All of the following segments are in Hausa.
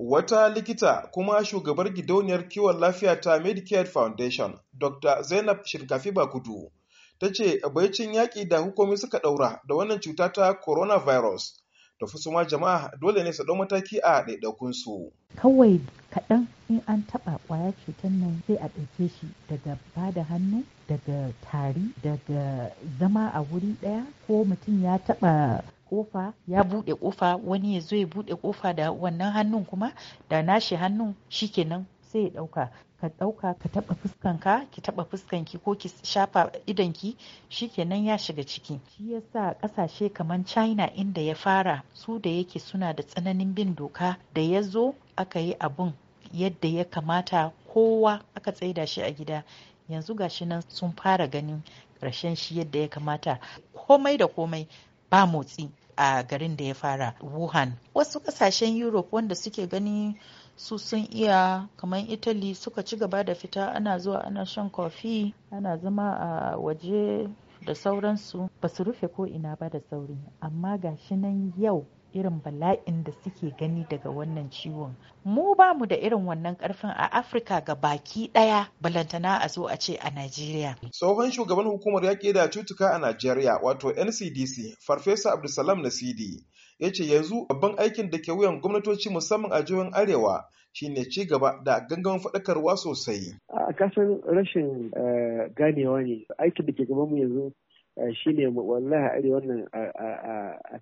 Wata likita kuma shugabar gidauniyar kiwon lafiya ta Medicare Foundation, Dr. Zainab Shirkafi Bakudu, ta ce baicin yaƙi da hukumi suka ɗaura da wannan cuta ta coronavirus da fusuma jama'a dole ne su ɗau mataki a ɗaiɗaikunsu. Kawai kaɗan in an taɓa ƙwayar cutar nan sai a ɗauke shi daga ba da hannu daga tari daga zama a wuri ɗaya ko mutum ya taɓa kofa ya buɗe kofa wani ya zo ya buɗe kofa da wannan hannun kuma da nashi hannun shikenan sai ya ɗauka ka ɗauka ka taɓa fuskanka ki taɓa fuskanki ko ki shafa idanki shikenan ya shiga ciki shi yasa ƙasashe kamar china inda ya fara su da yake suna da tsananin bin doka da ya zo aka yi abun yadda ya kamata kowa aka tsaida shi a gida yanzu gashi nan sun fara ganin ƙarshen shi yadda ya kamata komai da komai ba motsi a garin da ya fara wuhan wasu kasashen europe wanda suke gani su sun iya kamar italy suka ci gaba da fita ana zuwa ana shan kofi ana zama a waje da sauransu ba su rufe ko ina ba da sauri amma gashi nan yau irin bala'in da suke gani daga wannan ciwon mu ba mu da irin wannan karfin a afirka ga baki daya balantana a zo a ce a najeriya tsohon shugaban hukumar yaƙi da cutuka a najeriya wato ncdc farfesa abdulsalam nasidi ya ce yanzu babban aikin da ke wuyan gwamnatoci musamman a jihohin arewa shine ci gaba da gangamin faɗakarwa sosai a kasar rashin eh, ganewa ne aikin da ke gaban mu yanzu eh, shine wallahi arewa nan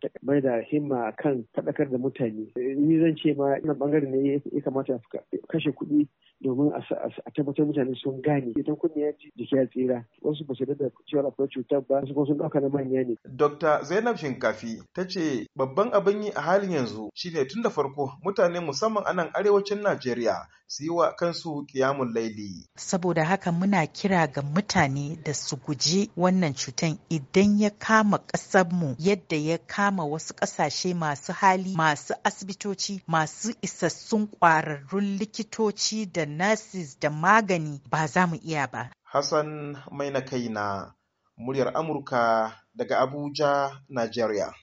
a mai da himma kan faɗakar da mutane ni zan ce ma ina bangare ne ya kamata kashe kuɗi domin a tabbatar mutane sun gane idan kunne ya ji jiki ya tsira wasu ba su da cewa akwai cutar ba su kuma sun ɗauka na manya ne. Dr. Zainab Shinkafi ta ce babban abin yi a halin yanzu shine tun da farko mutane musamman a nan arewacin Najeriya su yi wa kansu kiyamun laili. Saboda haka muna kira ga mutane da su guji wannan cutar idan ya kama mu yadda ya kama kama wasu ƙasashe masu hali masu asibitoci masu isassun ƙwararrun likitoci da nurses da magani ba za mu iya ba. Hassan mai na kai na muryar Amurka daga Abuja, Najeriya.